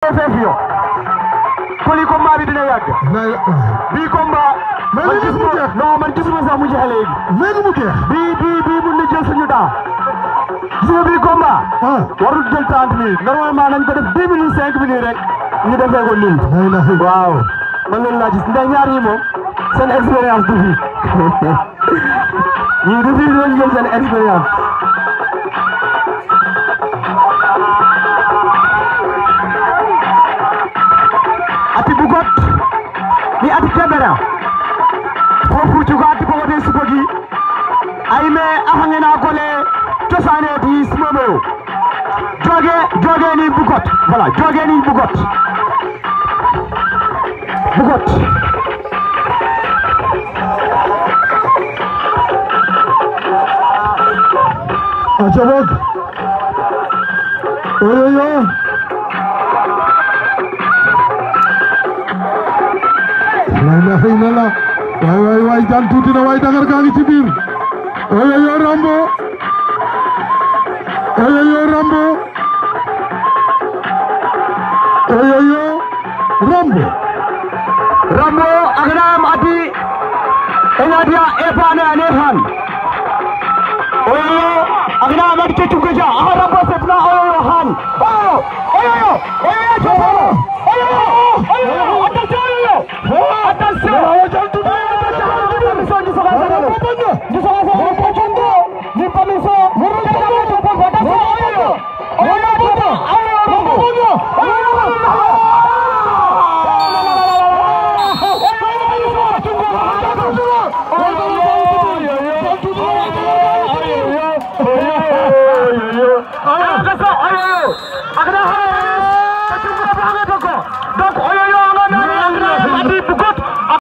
Fefio foli combat bi dina yàgg bii combat man gisuma non man gisuma sax mu jeex léegi léegi mu jeex bii bii bii mun na jël suñu temps gisuma bii combat ah. warul jël trente minutes normalement nañ ko def dix rek ñu defee ko nii waaw man loolu laa gis ndax ñaar yi moom seen expérience du fi ñii du fi doon jël Bugot ni ati tebera fofu cuga ati bogode subogi ayme ahangena gole cosane di smomo joge joge ni Bugot voilà joge ni Bugot Bugot Acabok. Seinela waay waay waay Diane tuuti na waay Dakar gaa ngi ci biir oyoyo Rambo oyoyo Rambo oyoyo Rambo Rambo agnam ati enadia epane anefan oyoyo agnam ati chukuja aha Rambo se